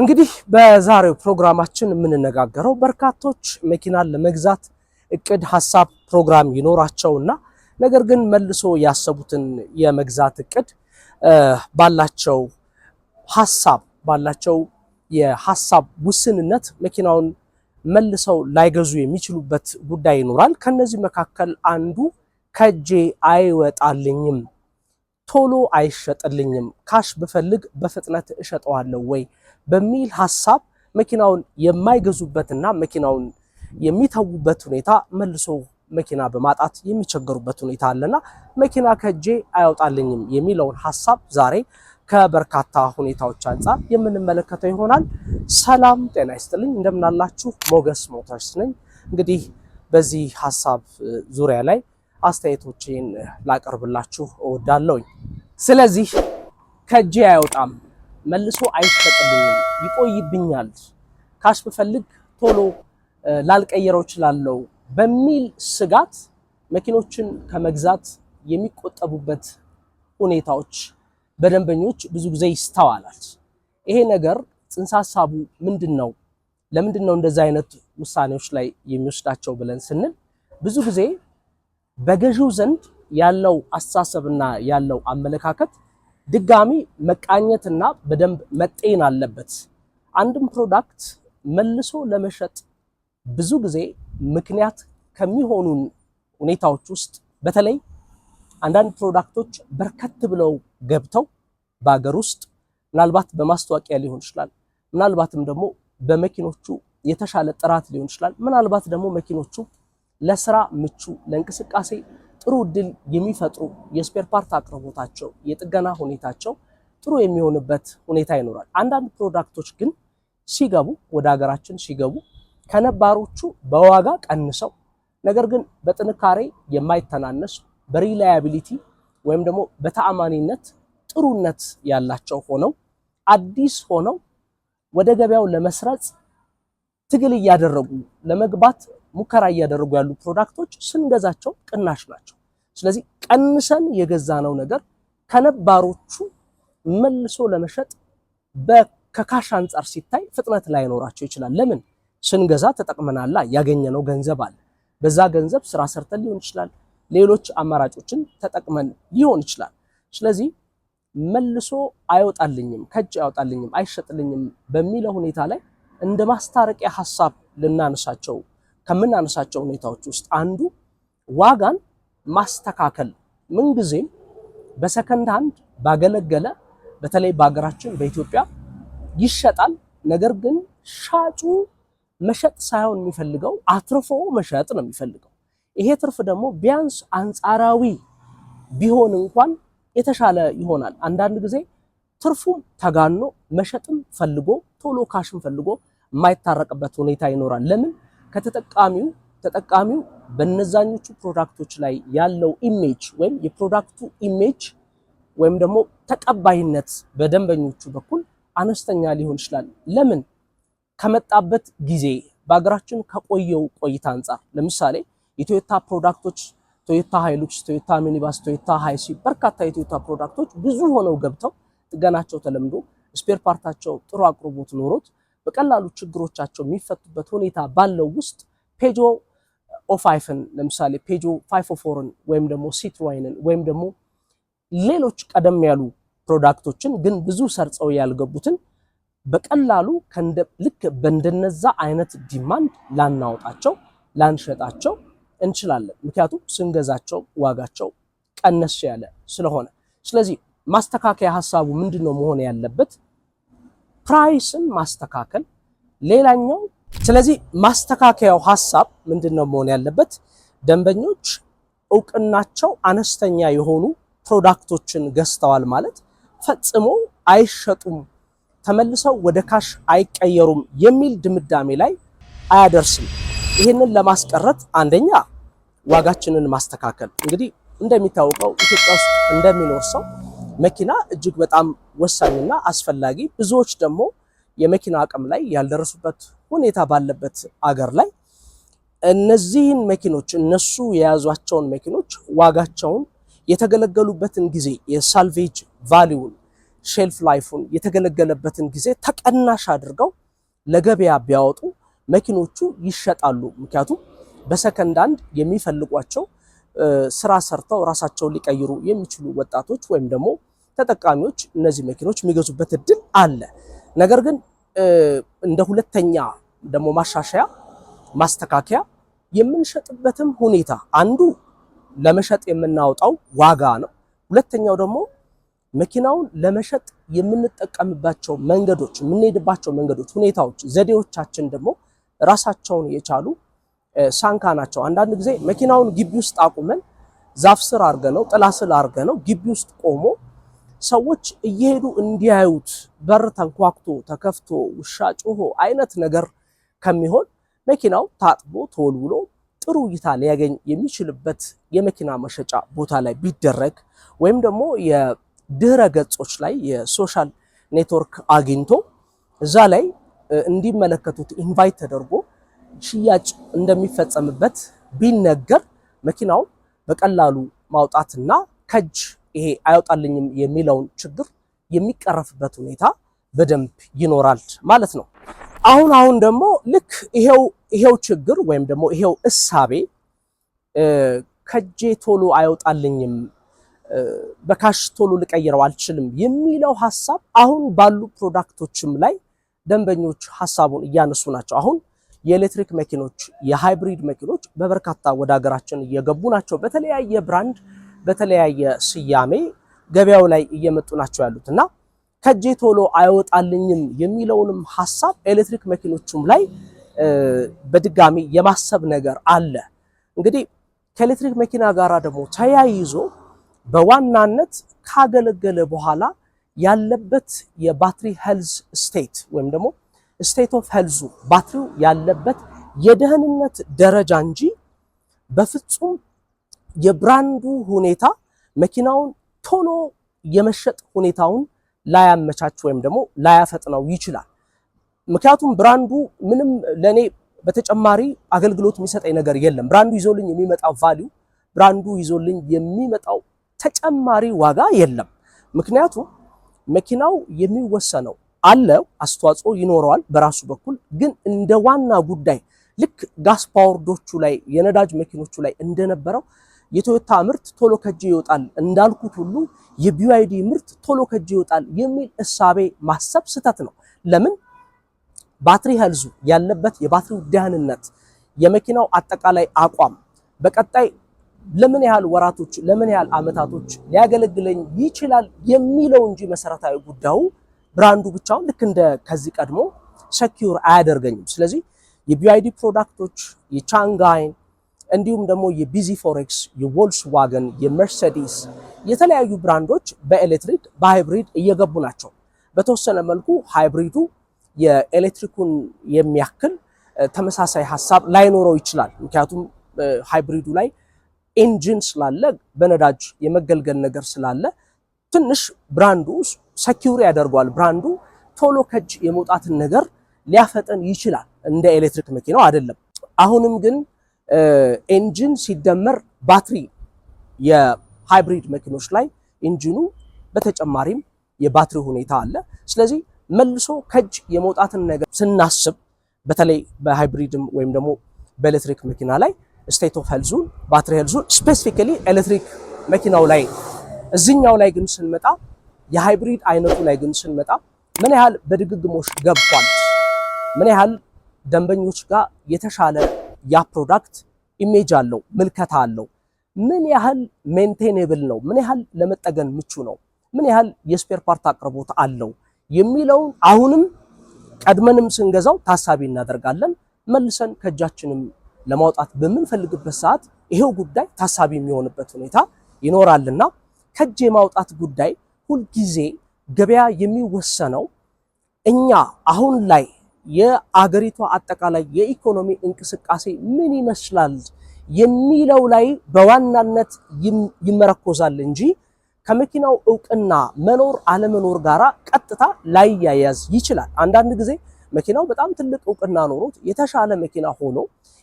እንግዲህ በዛሬው ፕሮግራማችን የምንነጋገረው በርካቶች መኪናን ለመግዛት እቅድ፣ ሀሳብ፣ ፕሮግራም ይኖራቸውና ነገር ግን መልሶ ያሰቡትን የመግዛት እቅድ ባላቸው ሀሳብ ባላቸው የሀሳብ ውስንነት መኪናውን መልሰው ላይገዙ የሚችሉበት ጉዳይ ይኖራል። ከነዚህ መካከል አንዱ ከእጄ አይወጣልኝም ቶሎ አይሸጥልኝም፣ ካሽ ብፈልግ በፍጥነት እሸጠዋለሁ ወይ በሚል ሀሳብ መኪናውን የማይገዙበትና መኪናውን የሚተዉበት ሁኔታ መልሶ መኪና በማጣት የሚቸገሩበት ሁኔታ አለና መኪና ከእጄ አያውጣልኝም የሚለውን ሀሳብ ዛሬ ከበርካታ ሁኔታዎች አንጻር የምንመለከተው ይሆናል። ሰላም ጤና ይስጥልኝ፣ እንደምናላችሁ ሞገስ ሞተርስ ነኝ። እንግዲህ በዚህ ሀሳብ ዙሪያ ላይ አስተያየቶችን ላቀርብላችሁ እወዳለሁኝ። ስለዚህ ከእጄ አይወጣም፣ መልሶ አይሸጥልኝም፣ ይቆይብኛል፣ ካሽ ብፈልግ ቶሎ ላልቀየረው እችላለሁ በሚል ስጋት መኪኖችን ከመግዛት የሚቆጠቡበት ሁኔታዎች በደንበኞች ብዙ ጊዜ ይስተዋላል። ይሄ ነገር ጽንሰ ሀሳቡ ምንድን ነው? ለምንድን ነው እንደዚህ አይነት ውሳኔዎች ላይ የሚወስዳቸው ብለን ስንል ብዙ ጊዜ በገዢው ዘንድ ያለው አስተሳሰብና ያለው አመለካከት ድጋሚ መቃኘትና በደንብ መጤን አለበት። አንድም ፕሮዳክት መልሶ ለመሸጥ ብዙ ጊዜ ምክንያት ከሚሆኑን ሁኔታዎች ውስጥ በተለይ አንዳንድ ፕሮዳክቶች በርከት ብለው ገብተው በሀገር ውስጥ ምናልባት በማስታወቂያ ሊሆን ይችላል። ምናልባትም ደግሞ በመኪኖቹ የተሻለ ጥራት ሊሆን ይችላል። ምናልባት ደግሞ መኪኖቹ ለስራ ምቹ፣ ለእንቅስቃሴ ጥሩ እድል የሚፈጥሩ የስፔር ፓርት አቅርቦታቸው፣ የጥገና ሁኔታቸው ጥሩ የሚሆንበት ሁኔታ ይኖራል። አንዳንድ ፕሮዳክቶች ግን ሲገቡ ወደ ሀገራችን ሲገቡ ከነባሮቹ በዋጋ ቀንሰው ነገር ግን በጥንካሬ የማይተናነስ በሪላያቢሊቲ ወይም ደግሞ በተአማኒነት ጥሩነት ያላቸው ሆነው አዲስ ሆነው ወደ ገበያው ለመስረጽ ትግል እያደረጉ ለመግባት ሙከራ እያደረጉ ያሉ ፕሮዳክቶች ስንገዛቸው ቅናሽ ናቸው። ስለዚህ ቀንሰን የገዛነው ነገር ከነባሮቹ መልሶ ለመሸጥ ከካሽ አንጻር ሲታይ ፍጥነት ላይኖራቸው ይችላል። ለምን ስንገዛ ተጠቅመናላ፣ ያገኘነው ገንዘብ አለ። በዛ ገንዘብ ስራ ሰርተን ሊሆን ይችላል፣ ሌሎች አማራጮችን ተጠቅመን ሊሆን ይችላል። ስለዚህ መልሶ አይወጣልኝም፣ ከእጅ አይወጣልኝም፣ አይሸጥልኝም በሚለው ሁኔታ ላይ እንደ ማስታረቂያ ሀሳብ ልናነሳቸው ከምናነሳቸው ሁኔታዎች ውስጥ አንዱ ዋጋን ማስተካከል ምንጊዜም በሰከንድ ሃንድ ባገለገለ በተለይ በሀገራችን በኢትዮጵያ ይሸጣል። ነገር ግን ሻጩ መሸጥ ሳይሆን የሚፈልገው አትርፎ መሸጥ ነው የሚፈልገው። ይሄ ትርፍ ደግሞ ቢያንስ አንጻራዊ ቢሆን እንኳን የተሻለ ይሆናል። አንዳንድ ጊዜ ትርፉም ተጋኖ መሸጥም ፈልጎ ቶሎ ካሽም ፈልጎ የማይታረቅበት ሁኔታ ይኖራል። ለምን ከተጠቃሚው ተጠቃሚው በነዛኞቹ ፕሮዳክቶች ላይ ያለው ኢሜጅ ወይም የፕሮዳክቱ ኢሜጅ ወይም ደግሞ ተቀባይነት በደንበኞቹ በኩል አነስተኛ ሊሆን ይችላል። ለምን? ከመጣበት ጊዜ በሀገራችን ከቆየው ቆይታ አንጻር ለምሳሌ የቶዮታ ፕሮዳክቶች ቶዮታ ሃይሉክስ፣ ቶዮታ ሚኒባስ፣ ቶዮታ ሃይሲ በርካታ የቶዮታ ፕሮዳክቶች ብዙ ሆነው ገብተው ጥገናቸው ተለምዶ ስፔር ፓርታቸው ጥሩ አቅርቦት ኖሮት በቀላሉ ችግሮቻቸው የሚፈቱበት ሁኔታ ባለው ውስጥ ፔጆ ኦፋይፍን ለምሳሌ ፔጆ ፋይፍ ወይም ደግሞ ሲትሮይንን ወይም ደግሞ ሌሎች ቀደም ያሉ ፕሮዳክቶችን ግን ብዙ ሰርጸው ያልገቡትን በቀላሉ ልክ በእንደነዛ አይነት ዲማንድ ላናወጣቸው ላንሸጣቸው እንችላለን። ምክንያቱም ስንገዛቸው ዋጋቸው ቀነስ ያለ ስለሆነ። ስለዚህ ማስተካከያ ሀሳቡ ምንድን ነው መሆን ያለበት? ፕራይስን ማስተካከል ሌላኛው። ስለዚህ ማስተካከያው ሀሳብ ምንድን ነው መሆን ያለበት? ደንበኞች እውቅናቸው አነስተኛ የሆኑ ፕሮዳክቶችን ገዝተዋል ማለት ፈጽሞ አይሸጡም፣ ተመልሰው ወደ ካሽ አይቀየሩም የሚል ድምዳሜ ላይ አያደርስም። ይህንን ለማስቀረት አንደኛ ዋጋችንን ማስተካከል እንግዲህ እንደሚታወቀው ኢትዮጵያ ውስጥ እንደሚኖር ሰው መኪና እጅግ በጣም ወሳኝና አስፈላጊ ብዙዎች ደግሞ የመኪና አቅም ላይ ያልደረሱበት ሁኔታ ባለበት አገር ላይ እነዚህን መኪኖች እነሱ የያዟቸውን መኪኖች ዋጋቸውን የተገለገሉበትን ጊዜ የሳልቬጅ ቫሊውን ሼልፍ ላይፉን የተገለገለበትን ጊዜ ተቀናሽ አድርገው ለገበያ ቢያወጡ መኪኖቹ ይሸጣሉ። ምክንያቱም በሰከንድ አንድ የሚፈልጓቸው ስራ ሰርተው ራሳቸውን ሊቀይሩ የሚችሉ ወጣቶች ወይም ደግሞ ተጠቃሚዎች እነዚህ መኪኖች የሚገዙበት እድል አለ። ነገር ግን እንደ ሁለተኛ ደግሞ ማሻሻያ ማስተካከያ የምንሸጥበትም ሁኔታ አንዱ ለመሸጥ የምናወጣው ዋጋ ነው። ሁለተኛው ደግሞ መኪናውን ለመሸጥ የምንጠቀምባቸው መንገዶች፣ የምንሄድባቸው መንገዶች፣ ሁኔታዎች፣ ዘዴዎቻችን ደግሞ ራሳቸውን የቻሉ ሳንካ ናቸው። አንዳንድ ጊዜ መኪናውን ግቢ ውስጥ አቁመን ዛፍ ስር አድርገ ነው ጥላ ስር አድርገ ነው ግቢ ውስጥ ቆሞ ሰዎች እየሄዱ እንዲያዩት በር ተንኳክቶ ተከፍቶ ውሻ ጮሆ አይነት ነገር ከሚሆን መኪናው ታጥቦ ተወልውሎ ጥሩ እይታ ሊያገኝ የሚችልበት የመኪና መሸጫ ቦታ ላይ ቢደረግ ወይም ደግሞ የድህረ ገጾች ላይ የሶሻል ኔትወርክ አግኝቶ እዛ ላይ እንዲመለከቱት ኢንቫይት ተደርጎ ሽያጭ እንደሚፈጸምበት ቢነገር መኪናውን በቀላሉ ማውጣትና ከጅ ይሄ አይወጣልኝም የሚለውን ችግር የሚቀረፍበት ሁኔታ በደንብ ይኖራል ማለት ነው። አሁን አሁን ደግሞ ልክ ይሄው ይሄው ችግር ወይም ደግሞ ይሄው እሳቤ ከጄ ቶሎ አይወጣልኝም በካሽ ቶሎ ልቀይረው አልችልም የሚለው ሀሳብ አሁን ባሉ ፕሮዳክቶችም ላይ ደንበኞች ሀሳቡን እያነሱ ናቸው። አሁን የኤሌክትሪክ መኪኖች፣ የሃይብሪድ መኪኖች በበርካታ ወደ ሀገራችን እየገቡ ናቸው። በተለያየ ብራንድ በተለያየ ስያሜ ገበያው ላይ እየመጡ ናቸው ያሉት እና ከጄ ቶሎ አይወጣልኝም የሚለውንም ሀሳብ ኤሌክትሪክ መኪኖቹም ላይ በድጋሚ የማሰብ ነገር አለ። እንግዲህ ከኤሌክትሪክ መኪና ጋር ደግሞ ተያይዞ በዋናነት ካገለገለ በኋላ ያለበት የባትሪ ሄልዝ ስቴት ወይም ደግሞ ስቴት ኦፍ ሄልዙ ባትሪው ያለበት የደህንነት ደረጃ እንጂ በፍጹም የብራንዱ ሁኔታ መኪናውን ቶሎ የመሸጥ ሁኔታውን ላያመቻች ወይም ደግሞ ላያፈጥነው ይችላል። ምክንያቱም ብራንዱ ምንም ለእኔ በተጨማሪ አገልግሎት የሚሰጠኝ ነገር የለም። ብራንዱ ይዞልኝ የሚመጣው ቫሊዩ፣ ብራንዱ ይዞልኝ የሚመጣው ተጨማሪ ዋጋ የለም። ምክንያቱም መኪናው የሚወሰነው አለው አስተዋጽኦ ይኖረዋል በራሱ በኩል ግን እንደ ዋና ጉዳይ ልክ ጋስ ፓወርዶቹ ላይ የነዳጅ መኪኖቹ ላይ እንደነበረው የቶዮታ ምርት ቶሎ ከጅ ይወጣል እንዳልኩት ሁሉ የቢዋይዲ ምርት ቶሎ ከእጅ ይወጣል የሚል እሳቤ ማሰብ ስህተት ነው። ለምን ባትሪ ሄልዙ ያለበት የባትሪው ደህንነት፣ የመኪናው አጠቃላይ አቋም በቀጣይ ለምን ያህል ወራቶች ለምን ያህል አመታቶች ሊያገለግለኝ ይችላል የሚለው እንጂ መሰረታዊ ጉዳዩ ብራንዱ ብቻውን ልክ እንደ ከዚህ ቀድሞ ሰኪዩር አያደርገኝም። ስለዚህ የቢዋይዲ ፕሮዳክቶች የቻንጋይን እንዲሁም ደግሞ የቢዚ ፎሬክስ፣ የቮልስዋገን፣ የመርሴዲስ የተለያዩ ብራንዶች በኤሌክትሪክ በሃይብሪድ እየገቡ ናቸው። በተወሰነ መልኩ ሃይብሪዱ የኤሌክትሪኩን የሚያክል ተመሳሳይ ሀሳብ ላይኖረው ይችላል። ምክንያቱም ሃይብሪዱ ላይ ኢንጂን ስላለ በነዳጅ የመገልገል ነገር ስላለ ትንሽ ብራንዱ ሰኪሪ ያደርገዋል። ብራንዱ ቶሎ ከጅ የመውጣትን ነገር ሊያፈጠን ይችላል። እንደ ኤሌክትሪክ መኪናው አይደለም። አሁንም ግን ኢንጂን ሲደመር ባትሪ የሃይብሪድ መኪኖች ላይ ኢንጂኑ በተጨማሪም የባትሪ ሁኔታ አለ። ስለዚህ መልሶ ከእጅ የመውጣትን ነገር ስናስብ በተለይ በሃይብሪድም ወይም ደግሞ በኤሌክትሪክ መኪና ላይ ስቴት ኦፍ ሄልዙን ባትሪ ሄልዙን ስፔሲፊካሊ ኤሌክትሪክ መኪናው ላይ እዚኛው ላይ ግን ስንመጣ የሃይብሪድ አይነቱ ላይ ግን ስንመጣ ምን ያህል በድግግሞች ገብቷል፣ ምን ያህል ደንበኞች ጋር የተሻለ ያ ፕሮዳክት ኢሜጅ አለው፣ ምልከታ አለው። ምን ያህል ሜንቴኔብል ነው፣ ምን ያህል ለመጠገን ምቹ ነው፣ ምን ያህል የስፔር ፓርት አቅርቦት አለው የሚለውን አሁንም ቀድመንም ስንገዛው ታሳቢ እናደርጋለን። መልሰን ከእጃችንም ለማውጣት በምንፈልግበት ሰዓት ይሄው ጉዳይ ታሳቢ የሚሆንበት ሁኔታ ይኖራልና ከእጅ የማውጣት ጉዳይ ሁልጊዜ ገበያ የሚወሰነው እኛ አሁን ላይ የአገሪቷ አጠቃላይ የኢኮኖሚ እንቅስቃሴ ምን ይመስላል የሚለው ላይ በዋናነት ይመረኮዛል እንጂ ከመኪናው እውቅና መኖር አለመኖር ጋራ ቀጥታ ላያያዝ ይችላል። አንዳንድ ጊዜ መኪናው በጣም ትልቅ እውቅና ኖሮት የተሻለ መኪና ሆኖ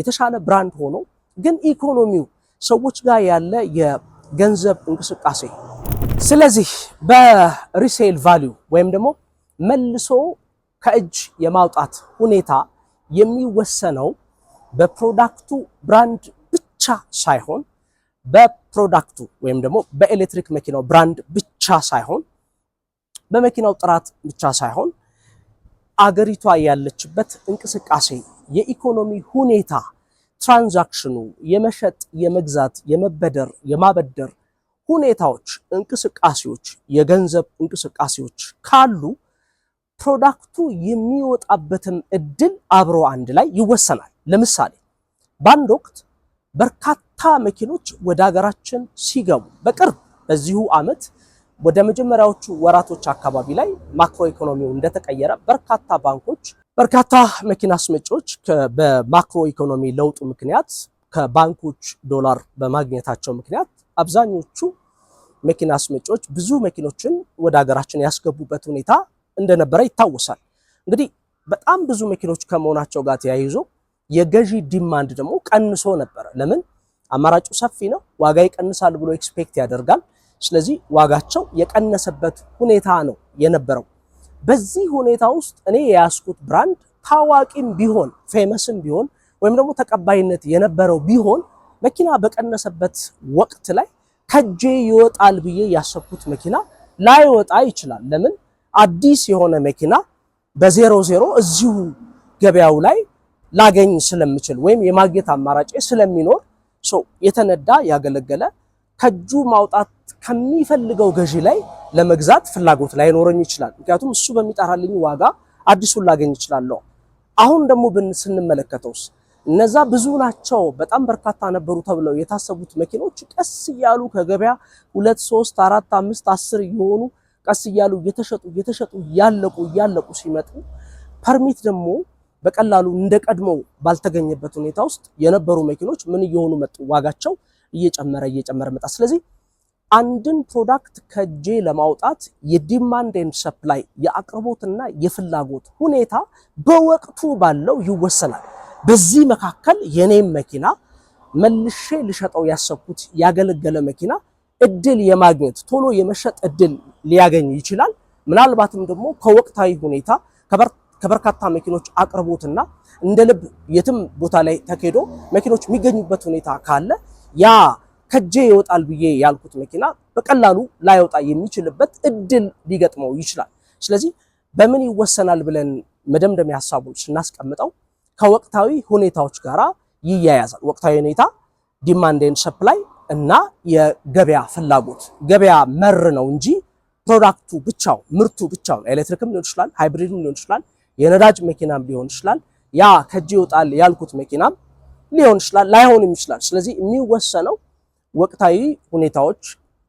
የተሻለ ብራንድ ሆኖ ግን ኢኮኖሚው ሰዎች ጋር ያለ የገንዘብ እንቅስቃሴ ስለዚህ በሪሴል ቫሊዩ ወይም ደግሞ መልሶ ከእጅ የማውጣት ሁኔታ የሚወሰነው በፕሮዳክቱ ብራንድ ብቻ ሳይሆን በፕሮዳክቱ ወይም ደግሞ በኤሌክትሪክ መኪናው ብራንድ ብቻ ሳይሆን በመኪናው ጥራት ብቻ ሳይሆን አገሪቷ ያለችበት እንቅስቃሴ፣ የኢኮኖሚ ሁኔታ፣ ትራንዛክሽኑ፣ የመሸጥ፣ የመግዛት፣ የመበደር፣ የማበደር ሁኔታዎች፣ እንቅስቃሴዎች፣ የገንዘብ እንቅስቃሴዎች ካሉ ፕሮዳክቱ የሚወጣበትን እድል አብሮ አንድ ላይ ይወሰናል። ለምሳሌ በአንድ ወቅት በርካታ መኪኖች ወደ ሀገራችን ሲገቡ በቅርብ በዚሁ ዓመት ወደ መጀመሪያዎቹ ወራቶች አካባቢ ላይ ማክሮ ኢኮኖሚው እንደተቀየረ በርካታ ባንኮች፣ በርካታ መኪና አስመጪዎች በማክሮ ኢኮኖሚ ለውጡ ምክንያት ከባንኮች ዶላር በማግኘታቸው ምክንያት አብዛኞቹ መኪና አስመጪዎች ብዙ መኪኖችን ወደ ሀገራችን ያስገቡበት ሁኔታ እንደነበረ ይታወሳል። እንግዲህ በጣም ብዙ መኪኖች ከመሆናቸው ጋር ተያይዞ የገዢ ዲማንድ ደግሞ ቀንሶ ነበረ። ለምን? አማራጩ ሰፊ ነው፣ ዋጋ ይቀንሳል ብሎ ኤክስፔክት ያደርጋል። ስለዚህ ዋጋቸው የቀነሰበት ሁኔታ ነው የነበረው። በዚህ ሁኔታ ውስጥ እኔ የያዝኩት ብራንድ ታዋቂም ቢሆን ፌመስም ቢሆን ወይም ደግሞ ተቀባይነት የነበረው ቢሆን መኪና በቀነሰበት ወቅት ላይ ከጄ ይወጣል ብዬ ያሰብኩት መኪና ላይወጣ ይችላል። ለምን አዲስ የሆነ መኪና በዜሮ ዜሮ እዚሁ ገበያው ላይ ላገኝ ስለምችል ወይም የማግኘት አማራጭ ስለሚኖር የተነዳ ያገለገለ ከእጁ ማውጣት ከሚፈልገው ገዢ ላይ ለመግዛት ፍላጎት ላይኖረኝ ይችላል። ምክንያቱም እሱ በሚጠራልኝ ዋጋ አዲሱን ላገኝ ይችላለሁ። አሁን ደግሞ ብን ስንመለከተውስ እነዛ ብዙ ናቸው፣ በጣም በርካታ ነበሩ ተብለው የታሰቡት መኪኖች ቀስ እያሉ ከገበያ ሁለት ሶስት አራት አምስት አስር እየሆኑ ቀስ እያሉ እየተሸጡ እየተሸጡ እያለቁ እያለቁ ሲመጡ ፐርሚት ደግሞ በቀላሉ እንደ ቀድሞው ባልተገኘበት ሁኔታ ውስጥ የነበሩ መኪኖች ምን እየሆኑ መጡ? ዋጋቸው እየጨመረ እየጨመረ መጣ። ስለዚህ አንድን ፕሮዳክት ከጄ ለማውጣት የዲማንድ ኤንድ ሰፕላይ የአቅርቦትና የፍላጎት ሁኔታ በወቅቱ ባለው ይወሰናል። በዚህ መካከል የኔም መኪና መልሼ ልሸጠው ያሰብኩት ያገለገለ መኪና እድል የማግኘት ቶሎ የመሸጥ እድል ሊያገኝ ይችላል። ምናልባትም ደግሞ ከወቅታዊ ሁኔታ ከበርካታ መኪኖች አቅርቦትና እንደ ልብ የትም ቦታ ላይ ተኬዶ መኪኖች የሚገኙበት ሁኔታ ካለ ያ ከጄ ይወጣል ብዬ ያልኩት መኪና በቀላሉ ላይወጣ የሚችልበት እድል ሊገጥመው ይችላል። ስለዚህ በምን ይወሰናል ብለን መደምደሚያ ሀሳቦች ስናስቀምጠው ከወቅታዊ ሁኔታዎች ጋራ ይያያዛል። ወቅታዊ ሁኔታ ዲማንድ ኤንድ ሰፕላይ እና የገበያ ፍላጎት ገበያ መር ነው እንጂ ፕሮዳክቱ ብቻው ምርቱ ብቻው ኤሌክትሪክም ሊሆን ይችላል፣ ሃይብሪድም ሊሆን ይችላል፣ የነዳጅ መኪናም ሊሆን ይችላል፣ ያ ከእጅ ይወጣል ያልኩት መኪናም ሊሆን ይችላል፣ ላይሆንም ይችላል። ስለዚህ የሚወሰነው ወቅታዊ ሁኔታዎች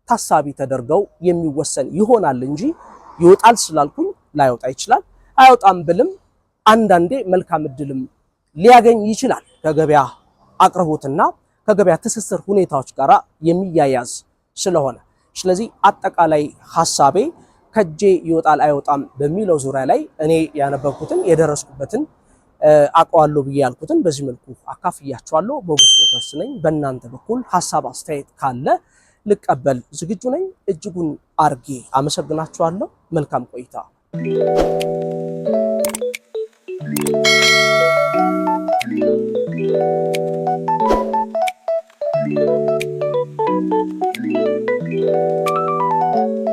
ታሳቢ ተደርገው የሚወሰን ይሆናል እንጂ ይወጣል ስላልኩኝ ላይወጣ ይችላል። አይወጣም ብልም አንዳንዴ መልካም እድልም ሊያገኝ ይችላል ከገበያ አቅርቦትና ከገበያ ትስስር ሁኔታዎች ጋር የሚያያዝ ስለሆነ ስለዚህ አጠቃላይ ሀሳቤ ከጄ ይወጣል አይወጣም በሚለው ዙሪያ ላይ እኔ ያነበብኩትን የደረስኩበትን አውቀዋለሁ ብዬ ያልኩትን በዚህ መልኩ አካፍያቸዋለሁ። ሞገስ ሞተርስ ነኝ። በእናንተ በኩል ሀሳብ አስተያየት ካለ ልቀበል ዝግጁ ነኝ። እጅጉን አርጌ አመሰግናችኋለሁ። መልካም ቆይታ Thank you.